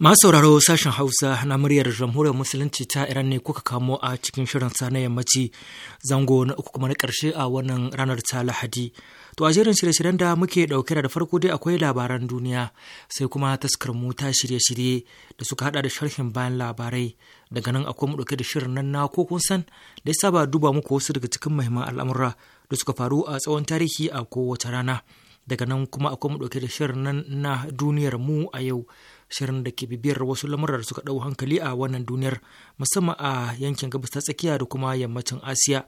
Masu sauraro sashen Hausa na muryar Jamhuriyar Musulunci ta Iran ne kuka kamo a cikin shirin sa na yammaci zango na uku kuma na karshe a wannan ranar ta Lahadi. To a jerin shirye-shiryen da muke ɗauke da farko dai akwai labaran duniya sai kuma taskar mu ta shirye-shirye da suka hada da sharhin bayan labarai daga nan akwai mu ɗauke da shirin nan na ko kun san da ya saba duba muku wasu daga cikin muhimman al'amura da suka faru a tsawon tarihi a kowace rana. daga nan kuma akwai mu ɗauke da shirin nan na duniyar mu a yau shirin da ke bibiyar wasu lamurar da suka ɗau hankali a wannan duniyar musamman a yankin gabas ta tsakiya da kuma yammacin asiya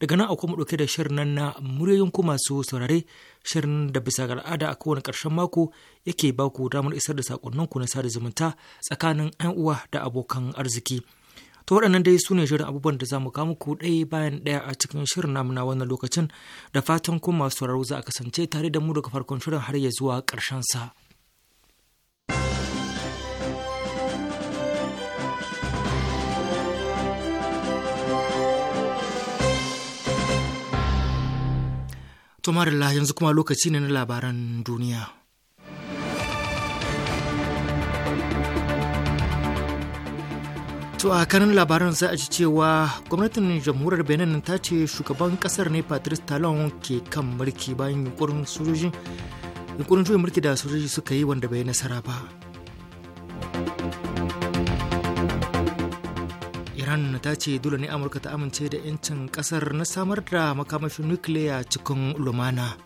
daga nan akwai mu ɗauke da shirin nan na muryoyin kuma masu saurare shirin da bisa ga al'ada a kowane karshen mako yake baku damar isar da saƙonninku na sada zumunta tsakanin 'yan uwa da abokan arziki. To waɗannan dai su ne shirin abubuwan da za mu kawo ku ɗaya bayan ɗaya a cikin shirin namu na wannan lokacin da fatan kuma masu sauraro za a kasance tare da mu daga farkon shirin har ya zuwa ƙarshen sa. To yanzu kuma lokaci ne na labaran duniya. To a kanin labaran za a ji cewa gwamnatin jamhuriyar Benin ta ce shugaban kasar ne Patrice Talon ke kan mulki bayan yunkurin sojojin yunkurin juyin mulki da sojoji suka yi wanda bai nasara ba. Iran ta ce dole ne Amurka ta amince da 'yancin kasar na samar da makamashin nukiliya cikin lumana.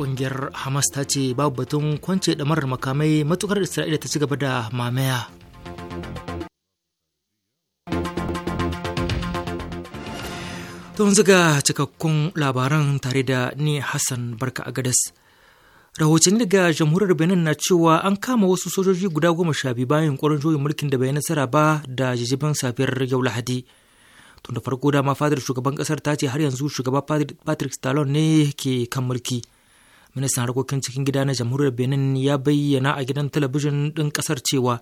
kungiyar hamas ta ce babu batun kwance marar makamai matukar isra'ila ta ci gaba da mamaya tun ziga cikakkun labaran tare da ni hassan barka a gadas rahotanni daga jamhuriyar benin na cewa an kama wasu sojoji guda goma sha biyu bayan ƙwarin juyin mulkin da bai nasara ba da jijibin safiyar yau lahadi tun da farko dama fadar shugaban kasar ta ce har yanzu shugaba patrick talon ne ke kan mulki ministan harkokin cikin gida na jamhuriyar benin ya bayyana a gidan talabijin din kasar cewa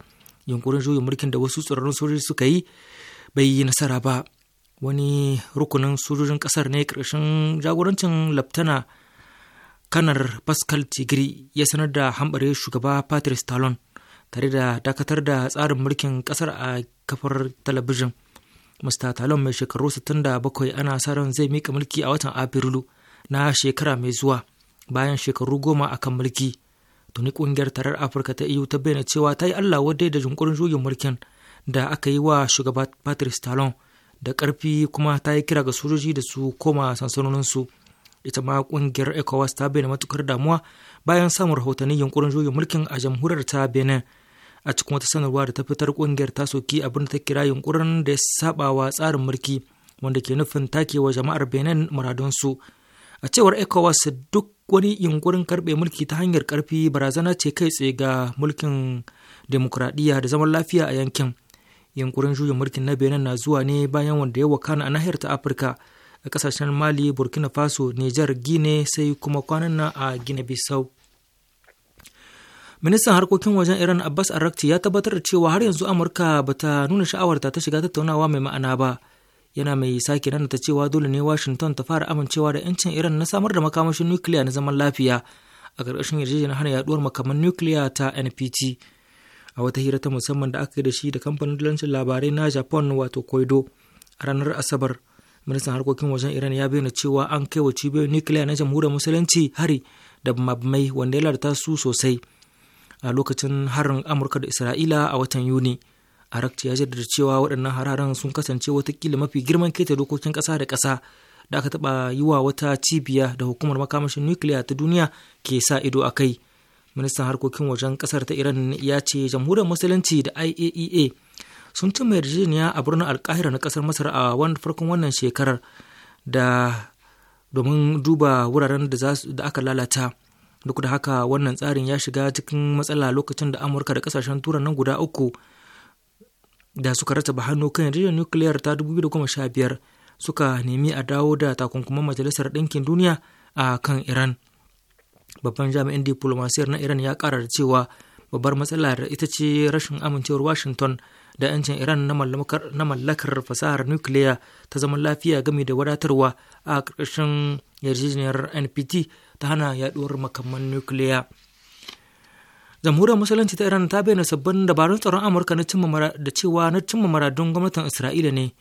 yunkurin juyin mulkin da wasu tsoron sojoji suka yi bai yi nasara ba wani rukunin sojojin ƙasar ne ƙarshen jagorancin laftana kanar pascal tigri ya sanar da hambare shugaba patrice talon tare da dakatar da tsarin mulkin kasar a kafar talabijin mr talon mai shekaru 67 ana sa ran zai mika mulki a watan afrilu na shekara mai zuwa bayan shekaru goma a kan mulki tuni ƙungiyar tarar afirka ta eu ta bayyana cewa ta yi allah wadai da jinkurin juyin mulkin da aka yi wa shugaba patrice talon da karfi kuma ta yi kira ga sojoji da su koma sansanoninsu ita ma ƙungiyar ecowas ta bayyana matukar damuwa bayan samun rahotannin yunkurin juyin mulkin a jamhuriyar ta benin a cikin wata sanarwa da ta fitar kungiyar ta soki abin da ta kira yunkurin da ya saba wa tsarin mulki wanda ke nufin wa jama'ar benin muradunsu a cewar ecowas duk wani yunkurin karbe mulki ta hanyar karfi barazana ce kai tsaye ga mulkin demokuraɗiyya da zaman lafiya a yankin yunkurin juyin mulkin na benin na zuwa ne bayan wanda ya wakana a nahiyar ta afirka a kasashen mali burkina faso nijar gine sai kuma kwanan nan a gine bisau ministan harkokin wajen iran abbas Arakti ya tabbatar da cewa har yanzu amurka ba ta nuna sha'awarta ta shiga tattaunawa mai ma'ana ba yana mai sake nana ta cewa dole ne washington ta fara amincewa da 'yancin iran na samar da makamashin nukiliya na zaman lafiya a ƙarƙashin yarjejeniyar hana yaduwar makaman nukiliya ta npt a wata hira ta musamman da aka yi da shi da kamfanin dalancin labarai na japan wato koido a ranar asabar ministan harkokin wajen iran ya bayyana cewa an kai wa cibiyoyin nukiliya na jamhuriyar musulunci hari da mabmai wanda ya lalata su sosai a lokacin harin amurka da isra'ila a watan yuni arakci ya jaddada cewa waɗannan hararen sun kasance watakila mafi girman keta dokokin ƙasa da ƙasa da aka taɓa yi wa wata cibiya da hukumar makamashin nukiliya ta duniya ke sa ido a kai ministan harkokin wajen ƙasar ta iran ya ce jamhuriyar musulunci da iaea e sun cimma yarjejeniya a birnin alkahira na ƙasar masar a farkon wannan shekarar da domin duba wuraren da aka lalata duk da haka wannan tsarin ya shiga cikin matsala lokacin da amurka da kasashen turan nan guda uku da suka rataba hannu kan yarjejeniyar nukiliyar ta 2015 suka nemi a dawo da takunkuman majalisar ɗinkin duniya a kan iran babban jami'in diplomasiyar na iran ya ƙara da cewa babbar matsalar ita ce rashin amincewar washington da 'yancin iran na mallakar fasahar nukiliya ta zama lafiya game da wadatarwa a ƙarƙashin yarjejeniyar npt ta hana yaduwar makaman nukiliya jamhuriyar musulunci ta iran ta bayyana sabbin dabarun tsaron amurka na cimma da cewa na cimma maradun gwamnatin isra'ila ne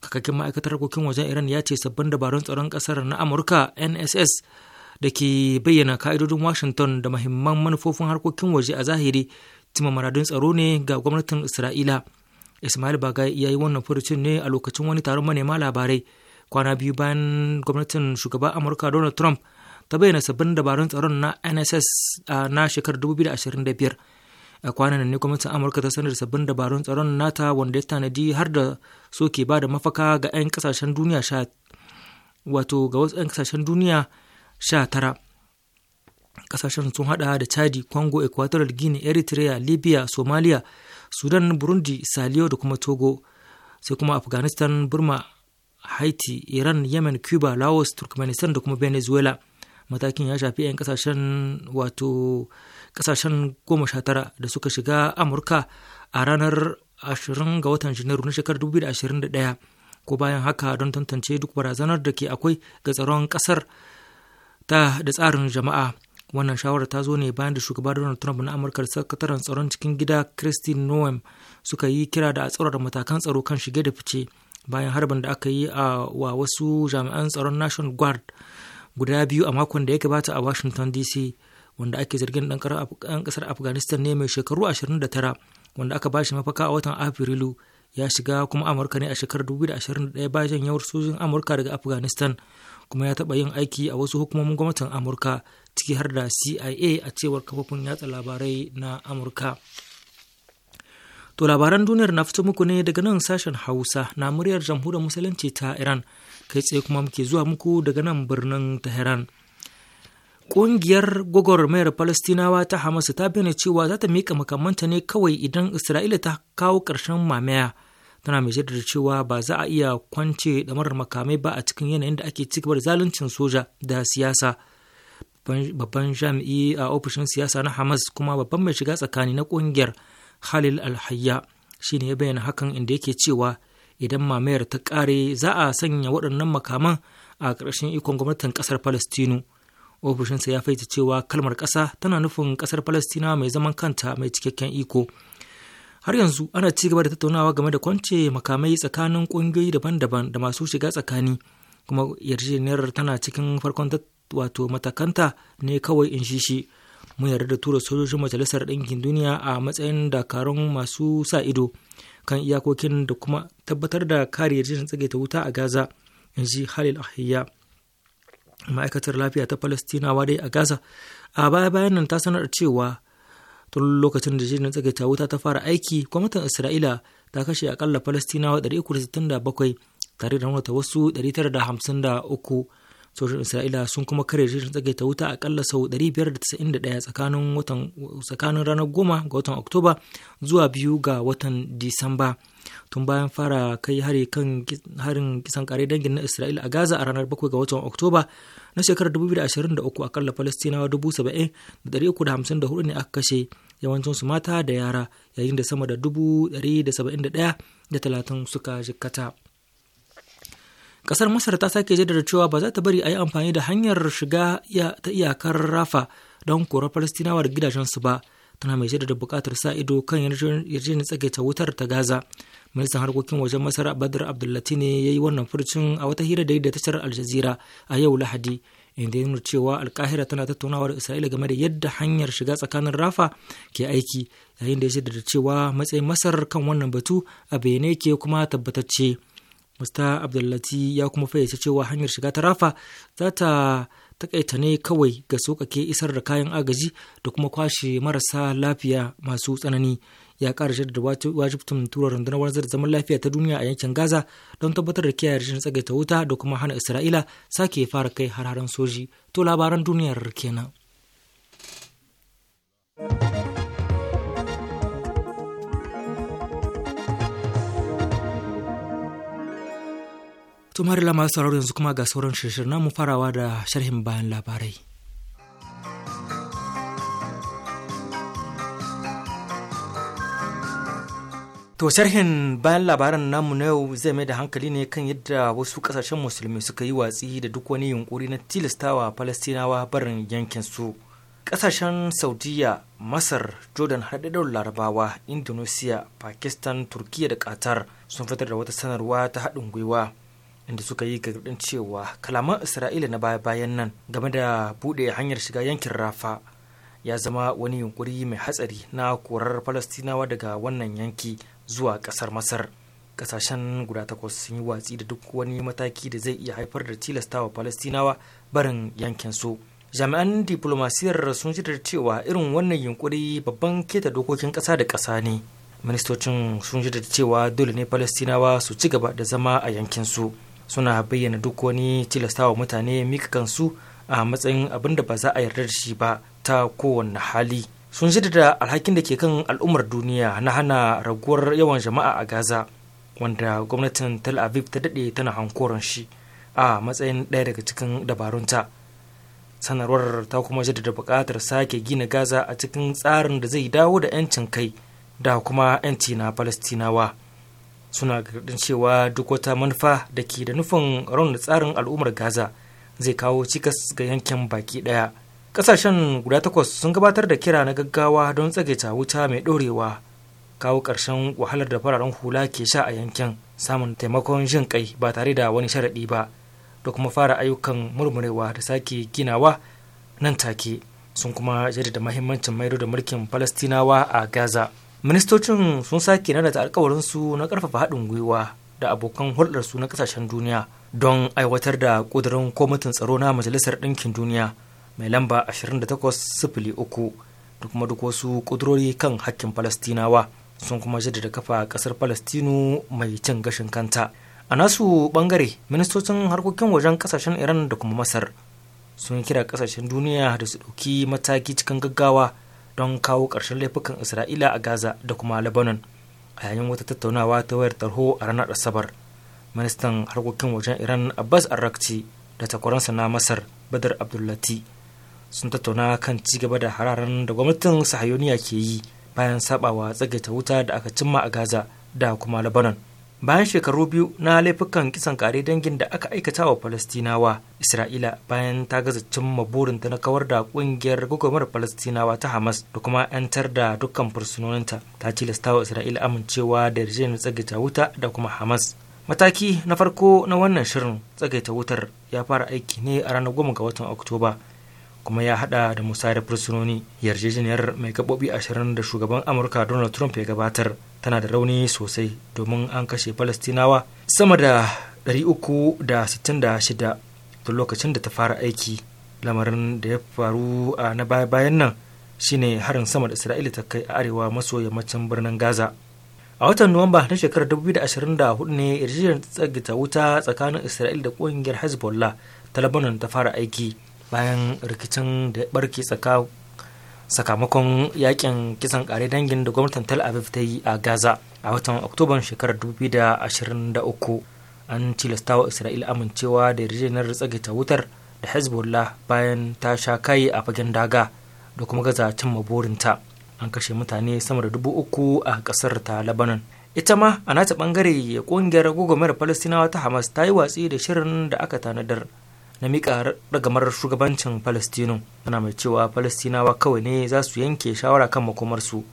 kakakin ma'aikatar harkokin wajen iran ya ce sabbin dabarun tsaron kasar na amurka nss da ke bayyana ka'idodin washington da mahimman manufofin harkokin waje a zahiri cimma maradun tsaro ne ga gwamnatin isra'ila ismail bagai ya yi wannan furucin ne a lokacin wani taron manema labarai kwana biyu bayan gwamnatin shugaban amurka donald trump ta bayyana sabbin dabarun tsaron na nss na shekarar 2025 a kwanan ne gwamnatin amurka ta sanar da sabbin dabarun tsaron nata wanda ya tanadi har da soke ba da mafaka ga 'yan kasashen duniya sha wato ga wasu 'yan kasashen duniya sha tara kasashen sun hada da chadi congo equatorial guinea eritrea libya somalia sudan burundi saliyo da kuma togo sai kuma afghanistan burma haiti iran yemen cuba laos turkmenistan da kuma venezuela matakin ya shafi 'yan kasashen wato kasashen goma sha tara da suka shiga amurka a ranar 20 ga watan janairu na shekarar 2021 ko bayan haka don tantance duk barazanar da ke akwai ga tsaron kasar ta da tsarin jama'a wannan shawarar ta zo ne bayan da shugaba donald trump na amurka da sakataren tsaron cikin gida christine noem suka yi kira da a tsaurara matakan tsaro kan shige da fice bayan harbin da aka yi a wa wasu jami'an tsaron national guard guda biyu a makon da ya gabata a Washington DC wanda ake zargin ɗan kasar Afghanistan ne mai shekaru 29 wanda aka bashi mafaka a watan Afrilu ya shiga kuma Amurka ne a shekarar 2021 bayan yawar sojin Amurka daga Afghanistan kuma ya taba yin aiki a wasu hukumomin gwamnatin Amurka ciki har da CIA a cewar kafofin yatsa labarai na Amurka. To labaran duniyar na fito muku ne daga nan sashen Hausa na muryar jamhuriyar musulunci ta Iran. kai tsaye kuma muke zuwa muku daga nan birnin Tehran. Ƙungiyar gwagwarmayar Falastinawa ta Hamas ta bayyana cewa za ta miƙa makamanta ne kawai idan Isra'ila ta kawo ƙarshen mamaya. Tana mai jaddada cewa ba za a iya kwance ɗamarar makamai ba a cikin yanayin da ake ci gaba da zaluncin soja da siyasa. Babban jami'i a ofishin siyasa na Hamas kuma babban mai shiga tsakani na ƙungiyar Khalil Alhayya shi ne ya bayyana hakan inda yake cewa idan mamayar ta kare za a sanya waɗannan makaman a ƙarshen ikon gwamnatin ƙasar palestinu ofishinsa ya faita cewa kalmar ƙasa tana nufin ƙasar palestina mai zaman kanta mai cikakken iko har yanzu ana ci gaba da tattaunawa game da kwance makamai tsakanin ƙungiyoyi daban-daban da masu shiga tsakani kuma yarjejeniyar tana cikin farkon wato matakanta ne kawai in shi shi mun yarda da tura sojojin majalisar ɗinkin duniya a matsayin dakarun masu sa ido kan iyakokin da kuma tabbatar da kare yarjejen tsagaita wuta a gaza in ji halil ahiya ma'aikatar lafiya ta palestina dai a gaza a baya bayan nan ta sanar cewa tun lokacin da jirgin tsagaita wuta ta fara aiki gwamnatin isra'ila ta kashe akalla palestinawa 367 tare da nuna wasu 953 sojojin isra'ila sun kuma kare tsage tsagaita wuta akalla sau 591 tsakanin watan tsakanin ranar goma ga watan oktoba zuwa biyu ga watan disamba tun bayan fara kai hari kan harin kisan kare dangin na isra'ila a gaza a ranar 7 ga watan oktoba na shekarar 2023 akalla falastinawa 70,354 ne aka kashe yawancinsu mata da yara yayin da sama da 171 da 30 suka jikkata. kasar masar ta sake jaddada cewa ba za ta bari a yi amfani da hanyar shiga ta iyakar rafa don korar falastinawa da gidajensu ba tana mai jaddada buƙatar sa ido kan yarjejeniyar tsagaita wutar ta gaza ministan harkokin wajen masar badar abdullati ne ya yi wannan furcin a wata hira da da tashar aljazira a yau lahadi inda ya nuna cewa alkahira tana tattaunawa da isra'ila game da yadda hanyar shiga tsakanin rafa ke aiki yayin da ya jaddada cewa matsayin masar kan wannan batu a bayyane ke kuma tabbatacce mista abdullati ya kuma fayyace cewa hanyar shiga ta rafa za ta takaita ne kawai ga sokake isar da kayan agaji da kuma kwashe marasa lafiya masu tsanani ya ƙara shaidar wajibtin tura rundunar wanzar zaman lafiya ta duniya a yankin gaza don tabbatar da kiyaye rashin tsagaita wuta da kuma hana isra'ila sake fara kai har soji to labaran duniyar kenan. To mari lama sauraro yanzu kuma ga sauran shirin namu farawa da sharhin bayan labarai. To sharhin bayan labaran namu na yau zai mai da hankali ne kan yadda wasu kasashen musulmi suka yi watsi da duk wani yunkuri na tilastawa Falastinawa barin yankinsu. Kasashen Saudiya, Masar, Jordan haɗaɗɗen Larabawa, Indonesia, Pakistan, Turkiyya da Qatar sun fitar da wata sanarwa ta haɗin gwiwa inda suka yi gargaɗin cewa kalaman isra'ila na baya-bayan nan game da buɗe hanyar shiga yankin rafa ya zama wani yunkuri mai hatsari na korar falastinawa daga wannan yanki zuwa ƙasar masar ƙasashen guda takwas sun yi watsi da duk wani mataki da zai iya haifar da tilasta wa falastinawa barin yankin su jami'an diplomasiyar sun da cewa irin wannan yunkuri babban keta dokokin ƙasa da ƙasa ne ministocin sun da cewa dole ne falastinawa su ci gaba da zama a yankin su suna bayyana duk wani tilastawa mutane mika kansu a matsayin abin da ba za a yarda da shi ba ta kowane hali sun da alhakin da ke kan al'ummar duniya na hana raguwar yawan jama'a a gaza wanda gwamnatin tel aviv ta daɗe tana hankoron shi a matsayin ɗaya daga cikin dabarunta sanarwar ta kuma da buƙatar sake gina gaza a cikin tsarin da zai dawo da 'yancin kai da kuma 'yanci na falastinawa suna gargadin cewa duk wata manufa da ke da nufin raunin tsarin al'ummar gaza zai kawo cikas ga yankin baki ɗaya ƙasashen guda takwas sun gabatar da kira na gaggawa don tsagaita wuta mai ɗorewa kawo ƙarshen wahalar da fararen hula ke sha a yankin samun taimakon jin kai ba tare da wani sharaɗi ba da kuma fara ayyukan murmurewa da sake ginawa nan take sun kuma jaddada mahimmancin maido da mulkin falastinawa a gaza ministocin sun sake nada alkawarin su na karfafa haɗin gwiwa da abokan hulɗar su na kasashen duniya don aiwatar da ƙudurin kwamitin tsaro na majalisar ɗinkin duniya mai lamba 28.3 da kuma duk wasu ƙudurori kan hakkin falastinawa sun kuma jaddada kafa ƙasar falastinu mai cin gashin kanta a nasu ɓangare ministocin harkokin wajen ƙasashen iran da kuma masar sun kira kasashen duniya da su ɗauki mataki cikin gaggawa don kawo ƙarshen laifukan isra'ila a gaza da kuma lebanon a yayin wata tattaunawa ta wayar tarho a ranar asabar ministan harkokin wajen iran abbas arrakci da takwaransa na masar badar abdullati sun tattauna kan ci gaba da hararen da gwamnatin sahayoniya ke yi bayan sabawa tsagaita wuta da aka cimma a gaza da kuma lebanon bayan shekaru biyu na laifukan kisan kare dangin da aka aikata wa falastinawa isra'ila bayan ta gaza cimma burinta na kawar da kungiyar gwagwarmar falastinawa ta hamas da kuma 'yantar da dukkan fursunoninta ta tilasta wa isra'ila amincewa da yarjejeniyar tsagaita wuta da kuma hamas mataki na farko na wannan shirin tsagaita wutar ya fara aiki ne a ranar goma ga watan oktoba kuma ya hada da musayar fursunoni yarjejeniyar mai gaɓoɓi ashirin da shugaban amurka donald trump ya gabatar tana da rauni sosai domin an kashe palestinawa. sama da 366 tun lokacin da ta fara aiki lamarin da ya faru a na baya-bayan nan shine harin sama da isra'ila ta kai a arewa maso yammacin birnin gaza a watan nuwamba na shekarar 2024 ne yarjejeniyar tsagita wuta tsakanin isra'ila da ƙungiyar hezbollah ta ta fara aiki bayan rikicin da barke sakamakon yakin kisan kare dangin da gwamnatin tel aviv ta yi a gaza a watan oktoban shekarar 2023 an tilasta wa isra'il amincewa da yarjejeniyar tsagaita wutar da hezbollah bayan ta sha kai a fagen daga da kuma gaza ma burinta an kashe mutane sama da dubu uku a kasar ta labanan ita ma a nata bangare kungiyar gugumar falastinawa ta hamas ta yi watsi da shirin da aka tanadar na miƙa ragamar shugabancin palestino ana mai cewa palestinawa kawai ne za su yanke shawara kan makomarsu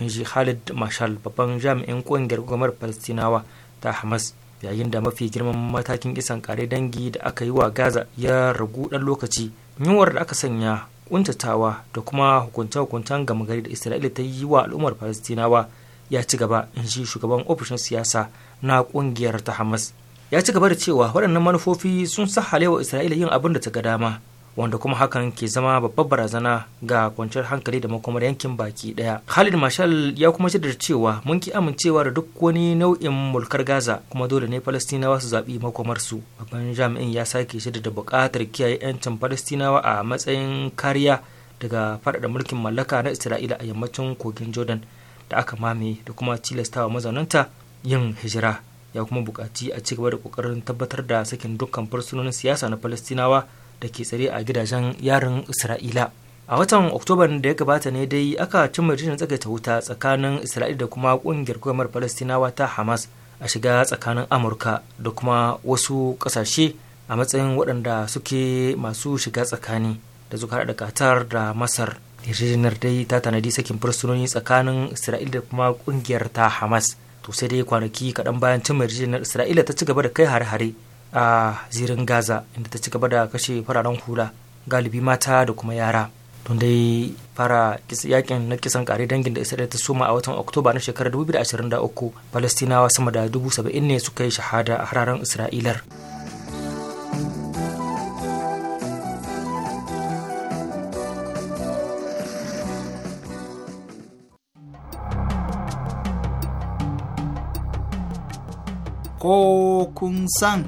in ji khalid mashal babban jami'in ƙungiyar gwamnar palestinawa ta hamas yayin da mafi girman matakin isan kare dangi da aka yi wa gaza ya ragu ɗan lokaci yunwar da aka sanya kuntatawa da kuma hukunce-hukuncen gama gari da isra'ila ta yi wa al'ummar palestinawa ya ci gaba in ji shugaban ofishin siyasa na ƙungiyar ta hamas ya ci gaba da cewa waɗannan manufofi sun sa wa isra'ila yin abin da ta ga dama wanda kuma hakan ke zama babbar barazana ga kwanciyar hankali da makomar yankin baki daya khalid marshall ya kuma da cewa mun ki amincewa da duk wani nau'in mulkar gaza kuma dole ne falastinawa su zaɓi makomar su babban jami'in ya sake da buƙatar kiyaye 'yancin falastinawa a matsayin kariya daga faɗaɗa mulkin mallaka na isra'ila a yammacin kogin jordan da aka mame da kuma tilastawa mazaunanta yin hijira ya kuma bukaci a ci gaba da kokarin tabbatar da sakin dukkan fursunonin siyasa na falastinawa da ke tsare a gidajen yaran isra'ila a watan oktobar da ya gabata ne dai aka cimma yarjejeniyar tsagaita wuta tsakanin isra'ila da kuma kungiyar gwamnatin falastinawa ta hamas a shiga tsakanin amurka da kuma wasu kasashe a matsayin waɗanda suke masu shiga tsakani da suka da katar da masar yarjejeniyar dai ta tanadi sakin fursunoni tsakanin isra'ila da kuma kungiyar ta hamas to sai dai kwanaki kaɗan bayan cin yarjejeniyar isra'ila ta ci gaba da kai hare-hare a zirin gaza inda ta ci gaba da kashe fararen hula galibi mata da kuma yara don dai fara yakin na kisan kare dangin da isra'ila ta soma a watan oktoba na shekarar 2023 falastinawa sama da 70,000 ne suka yi shahada a hararen isra'ilar ko kun san.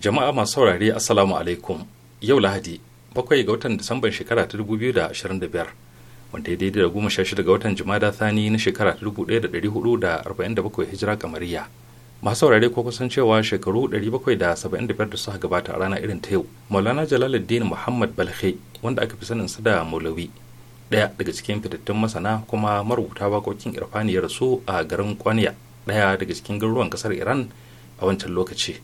Jama'a masu saurari Assalamu alaikum yau Lahadi bakwai ga watan Disamban shekara ta biyar wanda ya daidai da goma sha shida ga watan Jumada Thani na shekara ta dubu ɗaya da da da hudu arba'in bakwai hijira kamariya. masu saurari ko kusan cewa shekaru bakwai da da da biyar suka gabata a rana irin ta yau maulana jalaluddin muhammad balhe wanda aka fi sanin sa da maulawi daya daga cikin fitattun masana kuma marubuta waƙoƙin irfaniyar ya rasu a garin kwaniya ɗaya daga cikin garuruwan ƙasar iran a wancan lokaci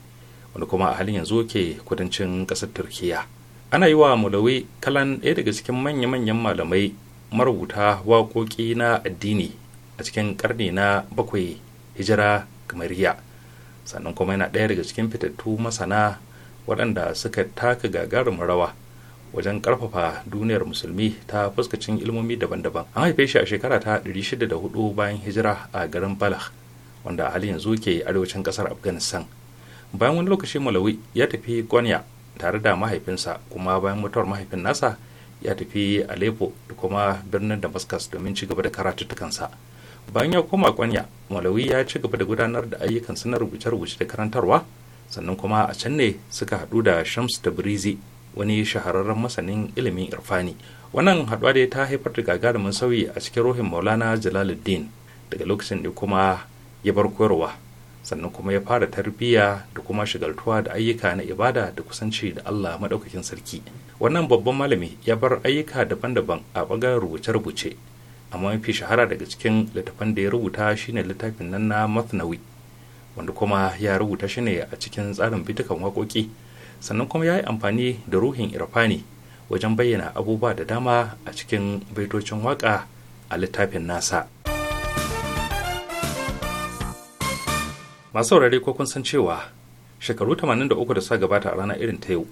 wanda kuma a halin yanzu ke kudancin ƙasar turkiya ana yi wa mulawi kalan ɗaya daga cikin manya-manyan malamai marubuta waƙoƙi na addini a cikin ƙarni na bakwai hijira kamariya sannan kuma yana ɗaya daga cikin fitattu masana waɗanda suka taka gagarumin rawa wajen ƙarfafa duniyar musulmi ta fuskacin ilmomi daban-daban an haife shi a shekara ta 604 bayan hijira a garin balagh wanda hali yanzu ke arewacin kasar afghanistan bayan wani lokaci malawi ya tafi gwanya tare da mahaifinsa kuma bayan mutuwar mahaifin nasa ya tafi aleppo da kuma birnin damascus domin ci gaba da karatuttukansa bayan ya koma gwanya malawi ya ci gaba da gudanar da ayyukan na rubuce-rubuce da karantarwa sannan kuma a can ne suka haɗu da shams da birizi wani shahararren masanin ilimin irfani wannan haɗuwa dai ta haifar da gagarumin sauyi a cikin ruhin maulana jalaluddin daga lokacin da kuma ya bar koyarwa sannan kuma ya fara tarbiyya da kuma shigaltuwa da ayyuka na ibada da kusanci da Allah maɗaukakin sarki wannan babban malami ya bar ayyuka daban-daban a ɓangaren rubuce-rubuce amma mafi shahara daga cikin littafan da ya rubuta shine littafin nan na Mathnawi wanda kuma ya rubuta shi ne a cikin tsarin bitukan waƙoƙi sannan kuma ya yi amfani da ruhin irfani wajen bayyana abubuwa da dama a cikin baitocin waƙa a littafin nasa. masu saurari ko kun san cewa shekaru 83 da suka gabata a rana irin ta yau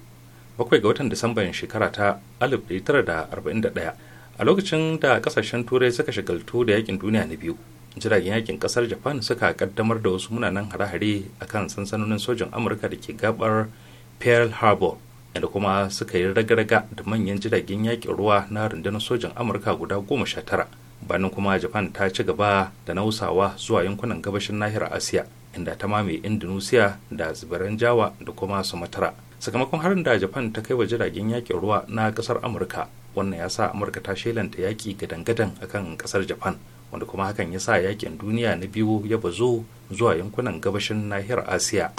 bakwai ga watan disamban shekara ta 1941 a lokacin da kasashen turai suka shigaltu da yakin duniya na biyu jiragen yakin kasar japan suka kaddamar da wasu munanan hare-hare a kan sansanonin sojin amurka da ke gabar pearl harbor da kuma suka yi raga-raga da manyan jiragen yakin ruwa na rundunar sojin amurka guda goma sha tara bannin kuma japan ta ci gaba da nausawa zuwa yankunan gabashin nahiyar asiya inda ta mame indonesia da tsibiran jawa da kuma sumatra sakamakon harin da japan ta kai wa jiragen yakin ruwa na kasar amurka wannan ya sa amurka ta shelanta yaki gadan-gadan akan kasar japan wanda kuma hakan ya sa yakin duniya na biyu ya bazo zuwa yankunan gabashin nahiyar asiya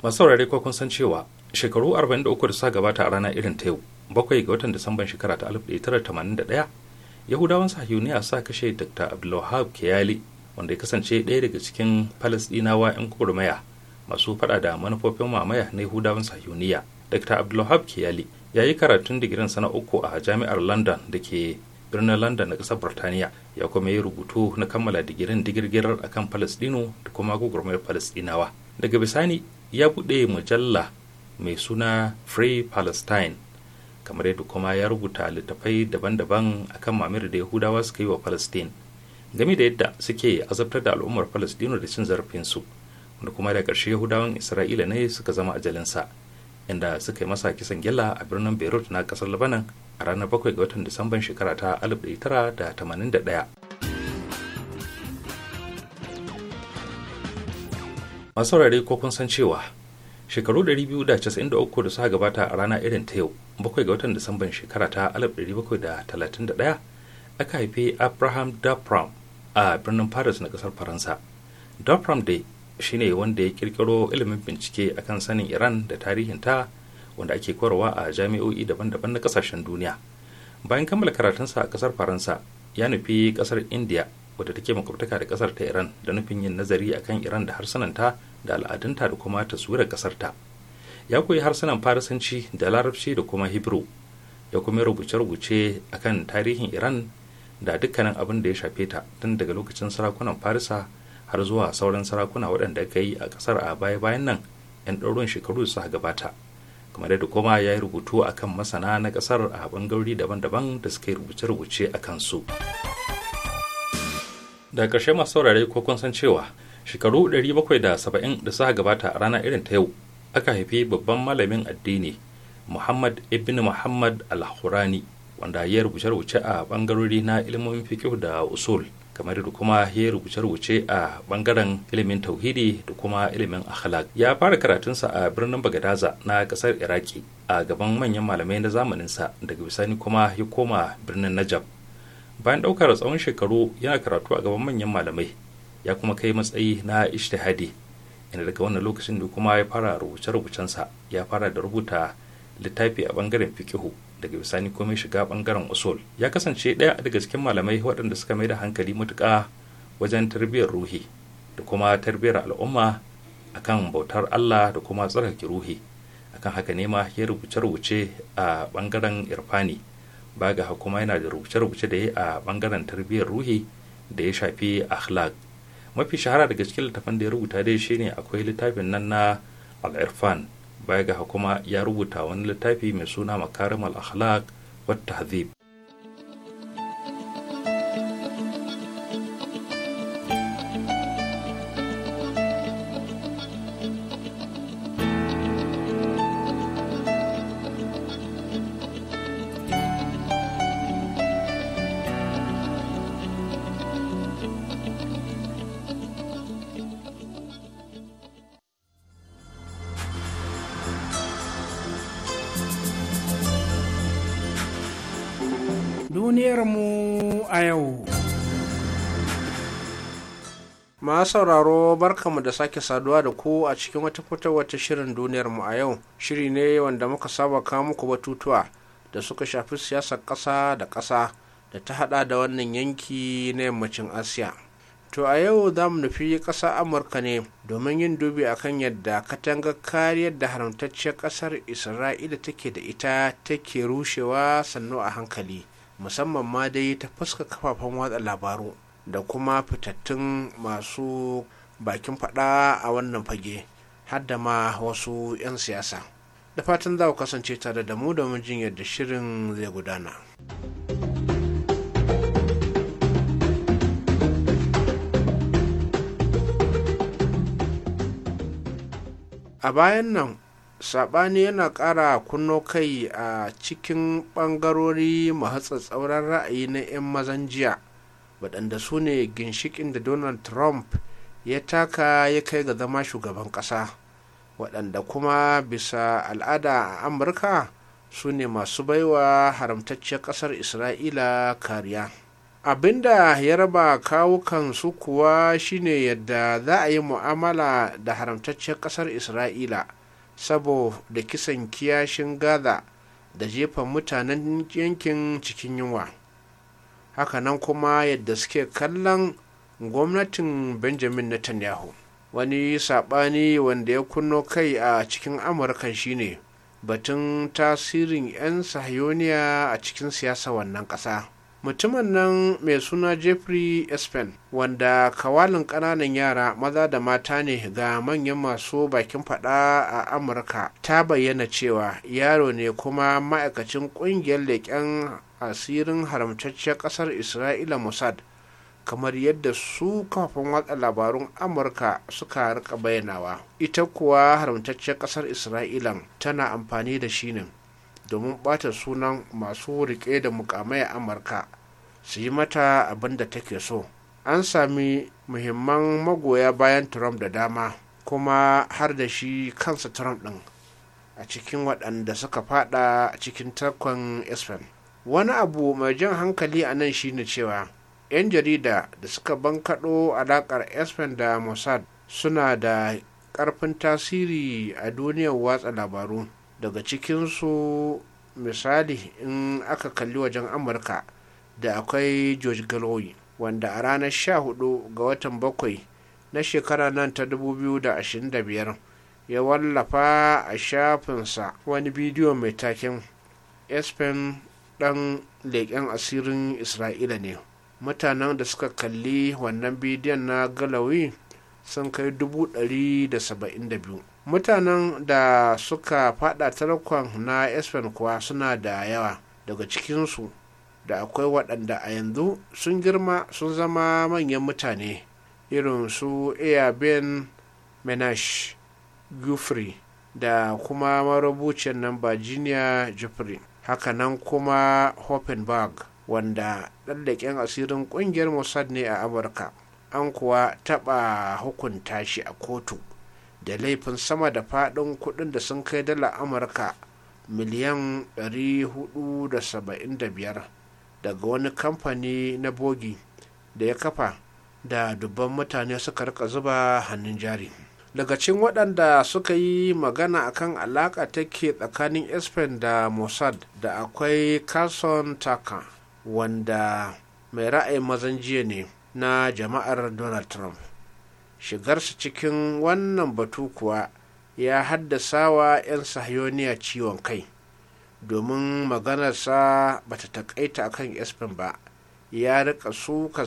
masu saurare kun san cewa shekaru 43 da sa gabata a rana irin ta yau bakwai ga watan disamban shekara ta 1981 yahudawan a sa kashe dr abdulwahab kiyali wanda ya kasance ɗaya daga cikin falasɗinawa 'yan kurmaya masu faɗa da manufofin mamaya na yahudawan sahiyuniya dr abdulwahab kiyali ya yi karatun digirin sana uku a jami'ar london da ke birnin london na ƙasar burtaniya ya kuma yi rubutu na kammala digirin digirgirar akan falasɗinu da kuma gugurmayar falasɗinawa daga bisani ya buɗe mujalla mai suna free palestine kamar yadda kuma ya rubuta littafai daban-daban a kan mamir da yahudawa suka yi wa palestine game da yadda suke azabtar da al'ummar palestino da cin zarafinsu wanda kuma da ƙarshe yahudawan isra'ila ne suka zama ajalinsa inda suka yi masa kisan gyalla a birnin beirut na kasar labanan a ranar 7 ga watan disamban shekara ta 1981 masu saurare ko kun san cewa shekaru 293 da suka gabata a rana irin ta yau bakwai ga watan disamban shekara ta 1731 aka haife abraham dapram a birnin paris na kasar faransa dapram dai shine wanda ya kirkiro ilimin bincike akan sanin iran da tarihinta wanda ake korowa a jami'o'i daban-daban na kasashen duniya bayan kammala karatunsa a kasar faransa ya nufi kasar india wadda take makwabtaka da kasar ta iran da nufin yin nazari akan iran da harsunanta da al'adunta da kuma taswirar kasar ta ya koyi harsunan farisanci da larabci da kuma hebrew ya kuma rubuce-rubuce akan tarihin iran da dukkanin abin da ya shafe ta tun daga lokacin sarakunan farisa har zuwa sauran sarakuna waɗanda aka yi a ƙasar a baya-bayan nan 'yan ɗaurin shekaru su gabata kamar da kuma ya yi rubutu akan masana na ƙasar a bangarori daban-daban da suka yi rubuce-rubuce a kansu. su daga ƙarshe masu saurare ko kun san cewa shekaru 770 da suka gabata a rana irin ta yau aka haifi babban malamin addini muhammad ibn muhammad al-hurani wanda ya rubuce-rubuce a bangarori na ilimin fiqh da usul kamar da kuma ya rubuce-rubuce a bangaren ilimin tauhidi da kuma ilimin akhlaq ya fara karatunsa a birnin bagadaza na kasar iraki a gaban manyan malamai na zamaninsa daga bisani kuma ya koma birnin najab bayan ɗaukar tsawon shekaru yana karatu a gaban manyan malamai ya kuma kai matsayi na ishtihadi inda daga wannan lokacin da kuma ya fara rubuce-rubucensa ya fara da rubuta littafi a bangaren fikihu daga bisani komai shiga bangaren usul ya kasance ɗaya daga cikin malamai waɗanda suka mai da hankali matuƙa wajen tarbiyyar ruhi da kuma tarbiyyar al'umma akan bautar Allah da kuma tsarkake ruhi akan haka ne ma ya rubuce-rubuce a bangaren irfani ba ga kuma yana da rubuce-rubuce da ya a bangaren tarbiyyar ruhi da ya shafi akhlaq mafi shahara daga cikin littafin da ya rubuta dai shine akwai littafin nan na al-irfan baya ga kuma ya rubuta wani littafi mai suna makarimul akhlaq wa tahzib ma sauraro barkamu da sake saduwa da ku a cikin wata fita wata shirin duniyar mu a yau shiri ne wanda muka saba kawo muku batutuwa da suka shafi siyasar ƙasa da ƙasa da ta hada da wannan yanki na yammacin asiya to a yau za mu nufi ƙasa amurka ne domin yin dubi a kan yadda katanga kariyar da haramtacciyar ƙasar isra'ila take da ita take rushewa sannu a hankali musamman ma dai ta fuska kafafen watsa labaru da kuma fitattun masu bakin fada a wannan fage hadda ma wasu 'yan siyasa da fatan za ku kasance tare da mu domin jin yadda shirin zai gudana. a bayan nan saɓani yana ƙara kunno kai a cikin ɓangarori tsauran ra'ayi na 'yan mazan jiya waɗanda su ne ginshikin da donald trump ya taka ya kai ga zama shugaban ƙasa waɗanda kuma bisa al'ada a amurka su ne masu baiwa haramtacciyar ƙasar isra'ila kariya abinda ya raba kawukan su kuwa shine yadda za a yi mu'amala da haramtacciyar ƙasar isra'ila saboda kisan kiyashin gaza da jefan mutanen yankin cikin yunwa hakanan kuma yadda suke kallon gwamnatin benjamin netanyahu wani saɓani wanda ya kunno kai a cikin amurka shine batun tasirin 'yan sahiyoniya a cikin siyasa wannan ƙasa mutumin nan mai suna jeffrey espen wanda kawalin ƙananan yara maza da mata ne ga manyan masu bakin fada a amurka ta bayyana cewa yaro ne kuma ma'aikacin ƙungiyar leƙen asirin haramtacciyar ƙasar isra'ila mossad kamar yadda su kafin watsa labarun amurka suka rika bayyanawa ita kuwa haramtacciyar kasar isra'ila tana amfani da shi ne domin bata sunan masu rike da mukamai a amurka su yi mata abin da take so an sami muhimman magoya bayan trump da dama kuma har da shi kansa trump ɗin a cikin waɗanda suka fada a cikin takon espen wani abu mai jan hankali a nan shine cewa 'yan jarida da suka bankaɗo alaƙar espen da mossad suna da ƙarfin tasiri a duniyar watsa labaru daga cikinsu misali in aka kalli wajen amurka da akwai george galowi wanda a ranar 14 ga watan bakwai na shekara nan ta 2025 ya wallafa a shafinsa wani bidiyo mai taken espen dan leƙen asirin isra'ila ne mutanen da suka kalli wannan bidiyon na galawi sun kai 172 mutanen da suka fada tarkon na espen kuwa suna da yawa daga cikinsu da akwai waɗanda a yanzu sun girma sun zama manyan mutane irin su ben menash gufri da kuma marubuciyar nan virginia jeffrey hakanan kuma hoppenberg wanda ɗallaken asirin ƙungiyar mossad ne a amurka an kuwa taɓa hukunta shi a kotu da laifin sama da faɗin kuɗin da sun kai dala amurka miliyan 475 daga wani kamfani na bogi da ya kafa da dubban mutane suka rika zuba hannun jari daga cikin waɗanda suka yi magana akan alaƙa take tsakanin espen da mossad da akwai carson taka wanda mai ra'ayin mazan jiya ne na jama'ar donald trump shigarsa cikin wannan batu kuwa ya haddasa wa 'yan sahiyoniya ciwon kai domin maganarsa ba ta takaita a kan espen ba ya rika suka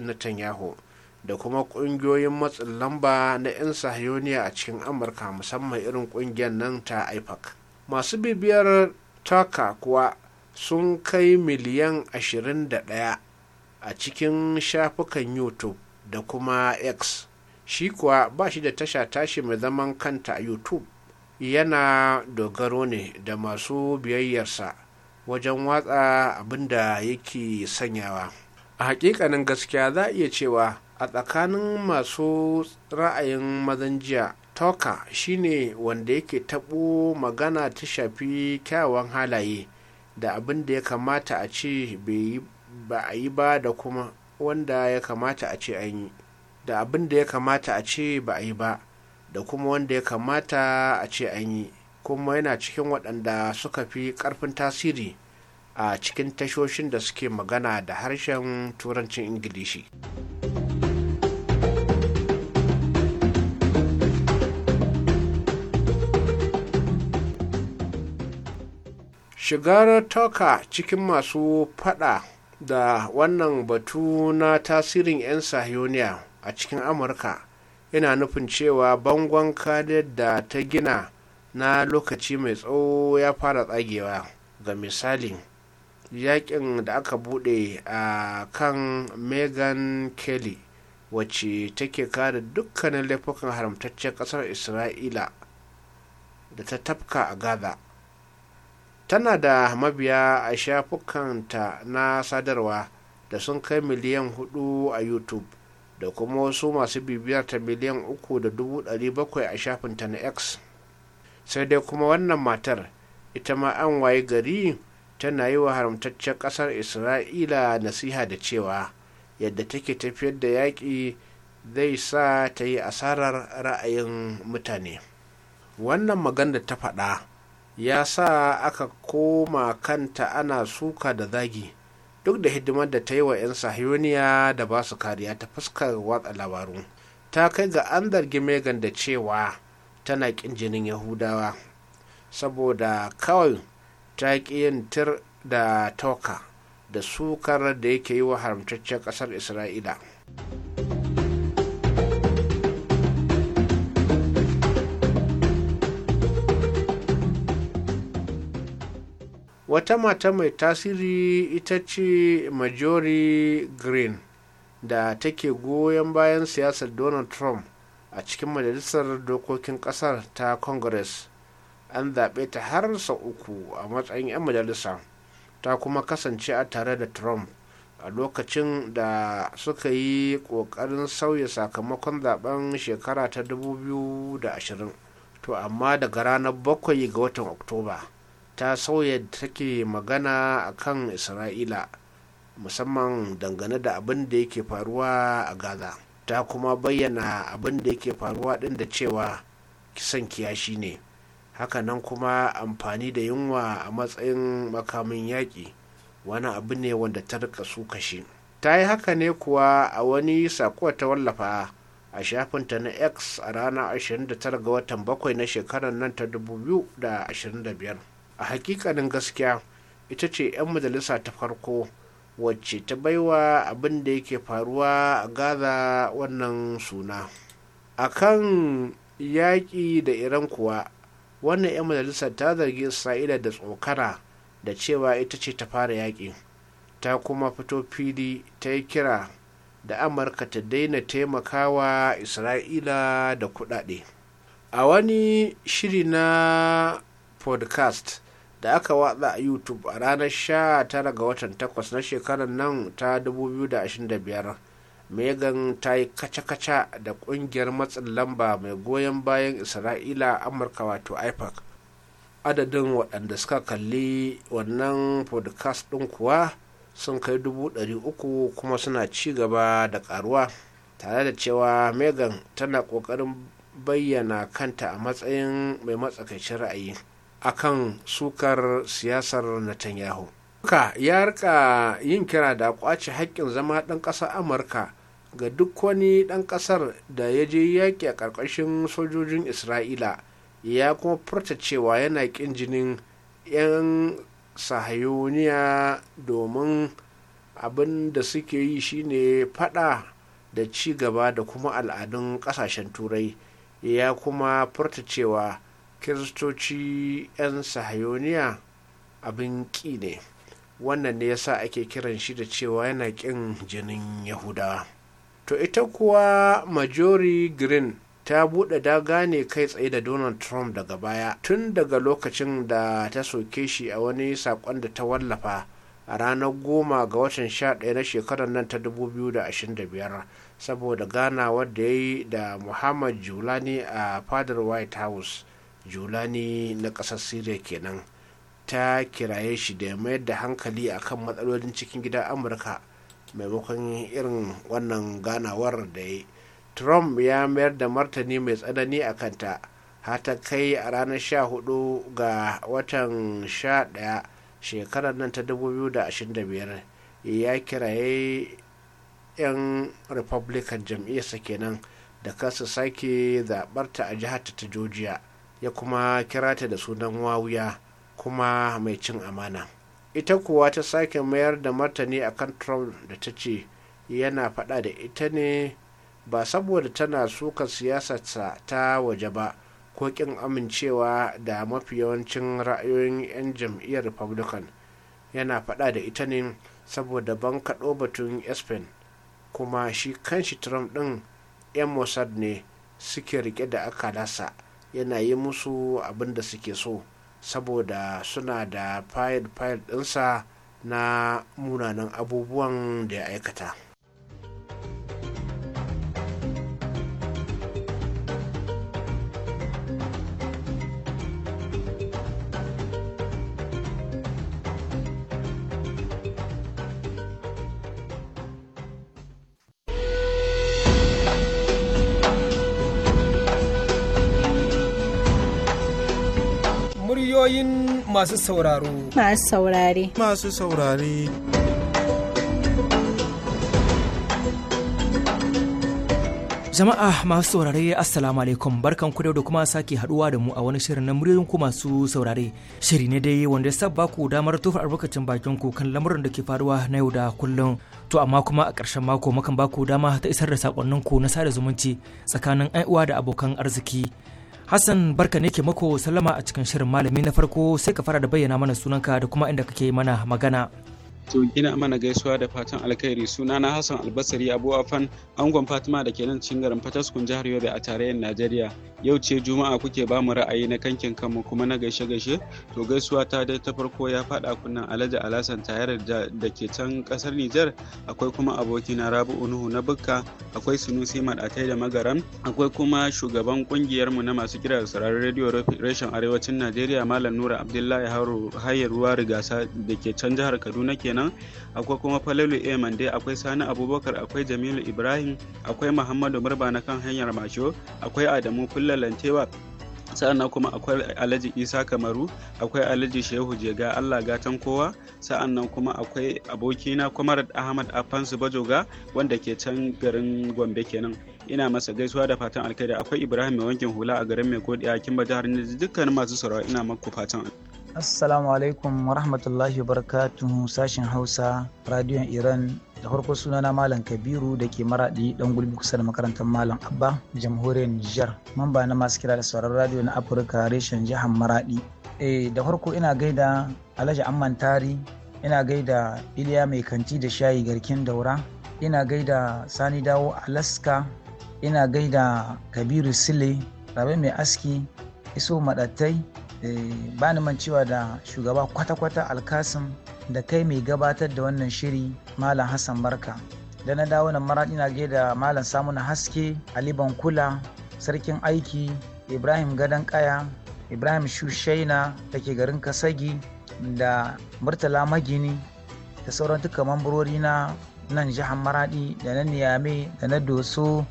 na tanyahu da kuma kungiyoyin matsin lamba na 'yan sahiyoniya a cikin amurka musamman irin kungiyar nan ta ipac masu bibiyar taka kuwa sun kai miliyan 21 a cikin shafukan youtube da kuma x shi kuwa ba shi da tasha tashi mai zaman kanta a youtube yana dogaro ne da masu biyayyarsa wajen watsa abin da yake sanyawa a hakikanin gaskiya za a iya cewa a tsakanin masu ra'ayin mazan jiya toka shine wanda yake taɓo magana ta shafi kyawawan halaye da abin da ya kamata a ce ba a yi ba da kuma wanda ya kamata a ce an yi da abin da ya kamata a ce ba a yi ba da kuma wanda ya kamata a ce an yi kuma yana cikin waɗanda suka fi ƙarfin tasiri a cikin tashoshin da suke magana da harshen turancin ingilishi shigar toka cikin masu fada da wannan batu na tasirin 'yan sahiyoniya a cikin amurka yana nufin cewa bangon kadar da ta gina na lokaci mai tsawo ya fara tsagewa ga misali yakin da aka bude a kan megan kelly wacce take kare dukkanin laifukan haramtaccen kasar isra'ila da ta tafka a gaza tana da mabiya a shafukanta na sadarwa da sun kai miliyan hudu a youtube da kuma wasu masu bibiyar ta miliyan uku da dubu ɗari bakwai a ta na x sai dai kuma wannan matar ita ma an waye gari tana yi wa haramtaccen ƙasar isra'ila nasiha da cewa yadda take tafiyar da yaƙi zai sa ta yi asarar ra'ayin mutane wannan maganda ta faɗa ya sa aka koma kanta ana suka da zagi duk da hidimar da ta yi wa 'yan sahiyoniya da ba su kariya ta fuskar watsa labaru ta kai ga an zargi megan da cewa tana ƙin jinin yahudawa saboda kawai ta ƙi yin tir da toka da sukar da yake yi wa haramtaccen ƙasar isra'ila wata mata mai tasiri ita ce majori green da take goyon bayan siyasar donald trump a cikin majalisar dokokin kasar ta congress an zaɓe ta har sau uku a matsayin 'yan majalisa ta kuma kasance a tare da trump a lokacin da suka yi ƙoƙarin sauya sakamakon zaben shekara ta 2020 to amma daga ranar bakwai ga watan oktoba ta sauya take magana a kan isra'ila musamman dangane da abin da yake faruwa a gaza ta kuma bayyana abin da yake faruwa din da cewa kisan kiyashi ne hakanan kuma amfani da yunwa a matsayin makamin yaƙi wani abu ne wanda ta rika su kashe ta yi haka ne kuwa a wani sako ta wallafa a shafinta na x a ranar 29 ga watan 7 na shekarar nan ta 2025 a hakikanin gaskiya ita ce 'yan majalisa ta farko wacce ta baiwa abin da yake faruwa a gaza wannan suna a kan yaƙi da iran kuwa wannan 'yan majalisa ta zargi isra'ila da tsokara da cewa ita ce ta fara yaƙi ta kuma fito fili ta yi kira da amurka ta daina taimakawa isra'ila da kuɗaɗe a wani shiri na podcast da aka watsa a youtube a ranar sha tara ga watan takwas na shekarar nan ta 2025 megan ta yi kaca-kaca da kungiyar matsin lamba mai goyon bayan isra'ila amurka wato ipac adadin waɗanda suka kalli wannan podcast ɗin kuwa sun kai dubu ɗari uku kuma suna ci gaba da ƙaruwa tare da cewa megan tana ƙoƙarin bayyana kanta a matsayin mai matsakaicin ra'ayi akan sukar siyasar netanyahu Ka ya rika yin kira da kwace haƙƙin zama ɗan ƙasar amurka ga duk wani ɗan ƙasar da ya je yaƙi a ƙarƙashin sojojin isra'ila ya kuma furta cewa yana ƙin jinin 'yan sahayoniya domin abin da suke yi shine fada da ci gaba da kuma al'adun ƙasashen turai ya kuma furta cewa kiristoci 'yan sahayoniya abin ƙi ne wannan ne yasa ake kiran shi da cewa yana ƙin jinin Yahuda. to ita kuwa majori green ta buɗe daga ne kai tsaye da donald trump daga baya tun daga lokacin da ta soke shi a wani saƙon da ta wallafa a ranar goma ga watan sha ɗaya na shekarar nan ta 2025 saboda gana wadda ya yi da muhammad julani a fadar white house julani na ƙasar syria kenan ta kiraye shi da mayar da hankali akan matsalolin cikin gida amurka maimakon irin wannan ganawar da ya trump ya mayar da martani mai tsanani a kanta hata kai a ranar 14 ga watan 11 shekarar nan ta 2025 ya kiraye 'yan republican jam'iyyarsa kenan da kasa sake zaɓarta a jihar ta georgia ya kuma kira ta da sunan wawuya kuma mai cin amana ita kuwa ta sake mayar da martani akan trump da ta ce yana faɗa da ita ne ba saboda tana suka siyasarsa ta waje ba ko ƙin amincewa da mafi yawancin ra'ayoyin 'yan jam'iyyar republican yana faɗa da ita ne saboda ban kaɗo batun espen kuma shi kanshi trump ɗin 'yan mossad ne suke rike da akalasa yana yi musu abin da suke so saboda suna da fayil-fayil ɗinsa na munanan abubuwan da ya aikata. masu sauraro. Masu saurare. Masu saurare. Jama'a masu saurare Assalamu alaikum barkan ku da kuma sake haduwa da mu a wani shirin na muryoyin ku masu saurare. Shiri ne dai wanda ya saba ku damar tofa albarkacin bakin ku kan lamurin da ke faruwa na yau da kullum. To amma kuma a ƙarshen mako mukan baku dama ta isar da sakonnin ku na sada zumunci tsakanin ai'uwa da abokan arziki. Hassan barka ne ke mako sallama a cikin shirin malami na farko sai ka fara da bayyana mana sunanka da kuma inda kake mana magana. to mana gaisuwa da fatan Alkairi, suna na Hassan Albasari Abu Afan angon Fatima da ke nan cikin garin Fataskun jihar Yobe a tarayyar Najeriya yau ce Juma'a kuke ba mu ra'ayi na kankin kanmu kuma na gaishe gaishe to gaisuwa ta dai ta farko ya faɗa kunnan Alhaji Alasan tayar da ke can ƙasar Nijar akwai kuma abokina Rabi'u Nuhu na Bukka akwai Sunusi Madatai da Magaram akwai kuma shugaban kungiyar mu na masu kira da sauraron rediyo reshen arewacin Najeriya Malam Nura Abdullahi Hayar Ruwa Rigasa da ke can jihar Kaduna ke kenan akwai kuma falalu a mande akwai sani abubakar akwai jamilu ibrahim akwai muhammadu murba na kan hanyar masho akwai adamu kullalantewa sa'annan kuma akwai alhaji isa kamaru akwai alhaji shehu jega allah gatan kowa sa'annan kuma akwai abokina kwamar ahmad afansu bajoga wanda ke can garin gombe kenan ina masa gaisuwa da fatan alkaida akwai ibrahim mai wankin hula a garin mai godiya kimba jihar ne dukkanin masu sauraro ina maku fatan Assalamu alaikum wa rahmatullahi wa barakatuhu sashen Hausa radiyon Iran da farko sunana Malam Kabiru da ke maraɗi ɗan gulbi kusa da makarantar Malam Abba jamhuriyar Nijar mamba na masu kira da sauran radiyo na Afirka reshen jihar maraɗi. Eh da farko ina gaida Alhaji Amman Tari ina gaida Iliya Mai Kanti da Shayi Garkin Daura ina gaida Sani Dawo Alaska ina gaida Kabiru Sile Rabe Mai Aski Iso madatai. Eh, ba ni cewa da shugaba kwata-kwata alkasim da kai mai gabatar da wannan shiri malam hassan barka da na dawo nan maraɗi na gaida malam samuna haske ali bankula sarkin aiki ibrahim gadon kaya ibrahim shushaina da ke garin kasagi da murtala magini da sauran duka mambarori na nan jihar Maraɗi, da na niyame da na doso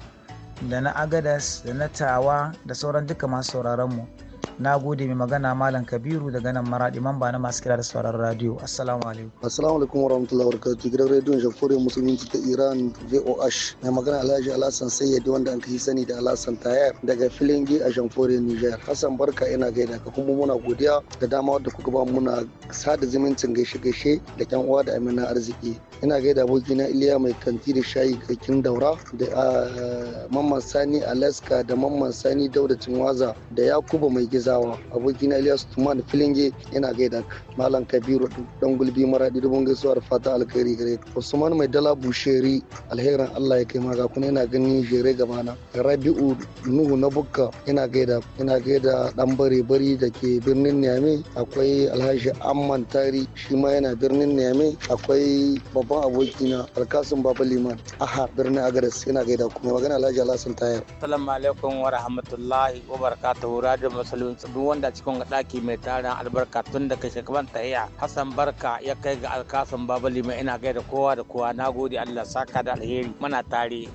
da na agadas da na tawa da sauran duka masu sauraronmu mu na gode mai magana malam kabiru daga nan maradi mamba na masu kira da sauran radio assalamu alaikum assalamu alaikum warahmatullahi wabarakatuh gidan rediyon jamhuriyar musulunci ta iran voh mai magana alhaji alhassan sayyadi wanda an kai sani da alhassan tayar daga filin gi a jamhuriyar niger hassan barka ina gaida ka kuma muna godiya da dama wadda kuka ba muna sada zumuncin gaishe gaishe da yan uwa da amina arziki ina gaida aboki na iliya mai kanti da shayi kakin daura da ah, mamman sani alaska da mamman sani dauda cinwaza da yakuba mai gida zawa abokina Ilyas Tuman Filinge yana gaida Malam Kabiru dan gulbi maradi dubun gaisuwa fata alkhairi gare ka Usman Mai Dala Busheri alherin Allah ya kai maka kuma yana ganin jere gaba na Rabiu Nuhu na Bukka yana gaida yana gaida dan bare bari da birnin Niamey akwai Alhaji Amman Tari shi ma yana birnin Niamey akwai babban abokina Alkasim Baba Liman aha birnin Agares yana gaida kuma magana Alhaji Alhassan Tayar Assalamu alaikum wa rahmatullahi wa barakatuhu radio musulmi tsibirin wanda cikin ɗaki mai tarin albarka tun daga shekaban tahiya hassan barka ya kai ga alkasan babali mai ina gaida kowa da kowa na gode allah saka da alheri mana tare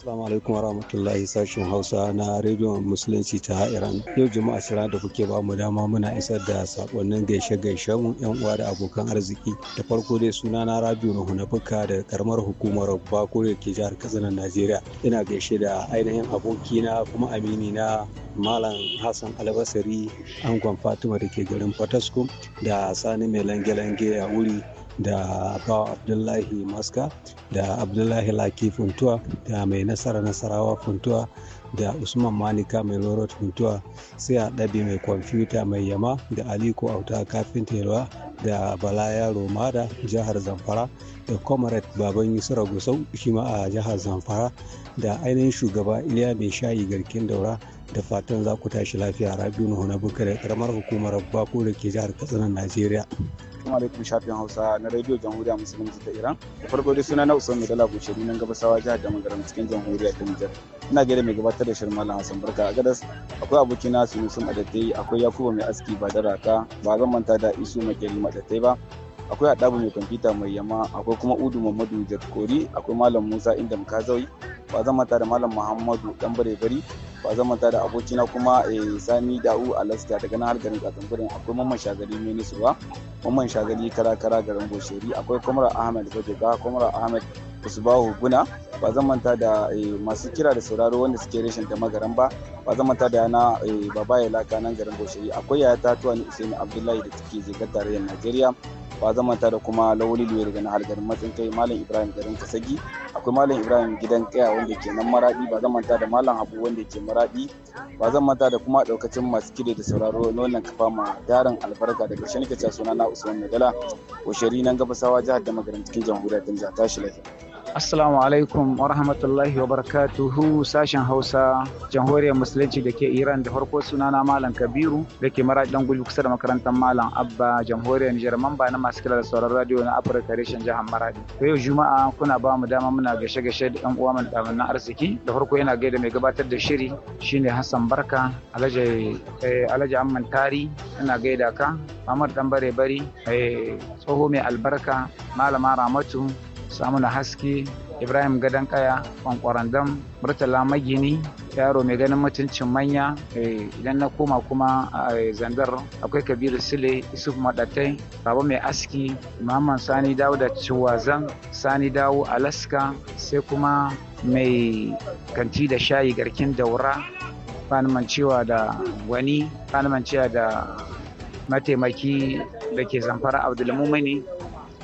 Assalamu alaikum warahmatullahi sashen Hausa na rediyon Musulunci ta Iran. Yau juma'a shirar da kuke ba mu dama muna isar da sakonnin gaishe gaishe mu yan uwa da abokan arziki. Da farko dai suna na Rabiu na Hunafuka da karamar hukumar Bako da ke jihar Katsina Najeriya. Ina gaishe da ainihin abokina kuma amini na Malam Hassan Albasari angon Fatima da ke garin Fataskum da Sani mai lange-lange a wuri da ba abdullahi maska da abdullahi laki funtuwa da mai nasara nasarawa funtuwa da usman manika mai lorot funtuwa sai a ɗabi mai kwamfuta mai yama da aliko auta kafin telwa da bala yaro mada jihar zamfara da comrade baban yusra gusau shi ma a jihar zamfara da ainihin shugaba iliya mai shayi garkin daura da fatan za ku tashi lafiya Rabi nuhu na da karamar hukumar bako da ke jihar katsina najeriya assalamu alaikum shafin hausa na radio jamhuriya musulunci ta iran da farko dai suna na usman mai dala bushari nan gabasawa jihar Damagara cikin jamhuriya ta nijar ina gaida mai gabatar da shirin malam hassan barka a gadas akwai abokina sunusun adatai akwai yakuba mai aski ba da raka ba zan manta da isu makeri madatai ba akwai adabu mai kwamfuta mai yama akwai kuma udu mammadu jakori akwai malam musa inda muka zauyi ba zan manta da malam muhammadu dan bare bari ba zan manta da abokina kuma eh, sani da'u alaska daga nan har garin katsamburin akwai mamman shagali nisuwa mamman shagali kara kara garin gosheri akwai kwamra ahmed fajoga kwamra ahmed usbahu guna ba zan manta da eh, masu kira da sauraro wanda suke reshen da magaran ba ba zan manta da na eh, baba ya laka nan garin gosheri akwai yaya tatuwa ni usaini abdullahi da take je tarayyar najeriya ba zamanta da kuma lawali luwe daga nahar garin matsin kai malam ibrahim garin kasagi akwai malam ibrahim gidan kaya wanda ke nan maradi ba zamanta da malam Abu wanda ke maradi ba zamanta da kuma daukacin masu kide da sauraro na wannan kafa ma darin albarka daga shanika suna na usman nagala ko shari nan gabasawa jihar da magarin cikin jamhuriyar ta shi lafiya Assalamu alaikum wa rahmatullahi wa barakatuhu sashen Hausa jamhuriyar musulunci da ke Iran da farko sunana Malam Kabiru da ke dan gudu kusa da makarantar Malam Abba jamhuriyar Nijar mamba na masu kira da sauran radio na Afirka reshen jihar Maradi. To yau Juma'a kuna ba mu dama muna gashe-gashe da ɗan uwa mun na arziki da farko yana gaida mai gabatar da shiri shine Hassan Barka Alhaji eh, Amman Tari ina gaida ka Ahmad Dambare Bari eh, tsoho mai albarka Malama Ramatu samuna haske ibrahim gadon kaya kwankwaran murtala magini yaro mai ganin mutuncin manya eh, idan na koma kuma a eh, zandar akwai kabiru sile isuf madatai baba mai aski muhammad sani dawo da ciwazan sani dawo alaska sai kuma mai kanti da shayi garkin daura fanuman cewa da wani fanuman cewa da mataimaki da ke zamfara abdulmumini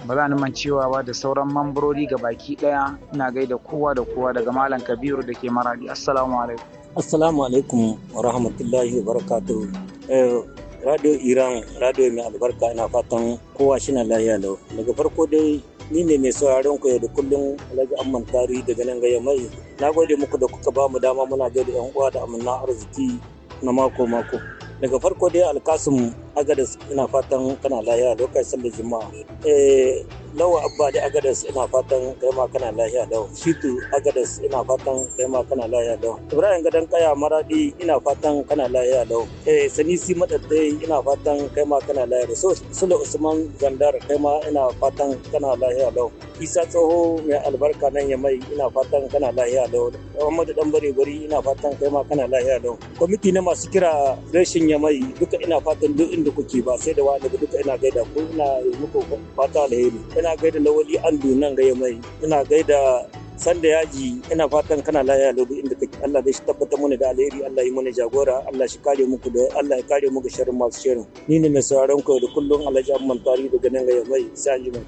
ba za ni mancewa ba da sauran mambarori ga baki ɗaya ina gaida kowa da kowa daga malam kabiru da ke maradi assalamu alaikum assalamu alaikum wa rahmatullahi wa barakatuhu eh, radio iran radio mai albarka ina fatan kowa shi na lahiya daga farko dai ni ne mai sauraron ku da kullum alhaji amman tarihi daga nan gaya mai na gode muku da kuka ba mu dama muna da yan uwa da amanna arziki na mako mako daga farko dai alkasum agadas ina fatan kana lahiya lokacin da juma'a eh lawa abba da agadas ina fatan kai ma kana lahiya da shitu agadas ina fatan kai ma kana lahiya da ibrahim gadan kaya maradi ina fatan kana lahiya da eh sanisi madaddai ina fatan kai ma kana lahiya da so sulu usman zandar kai ma ina fatan kana lahiya da isa tsoho mai albarka nan ya mai ina fatan kana lahiya da muhammadu dan bari guri ina fatan kai ma kana lahiya da kwamiti na masu kira reshin ya mai duka ina fatan duk da kuke ba sai da wani ba duka ina gaida ku ina muku fata alheri ina gaida wali andu nan gaya mai ina gaida da yaji ina fatan kana lafiya lobu inda kake Allah zai tabbatar mana da alheri Allah yi mana jagora Allah shi kare muku da Allah ya kare muku sharrin masu sharrin ni ne mai sauraron ku da kullum Alhaji Amman Tari daga nan gaya mai sai anjima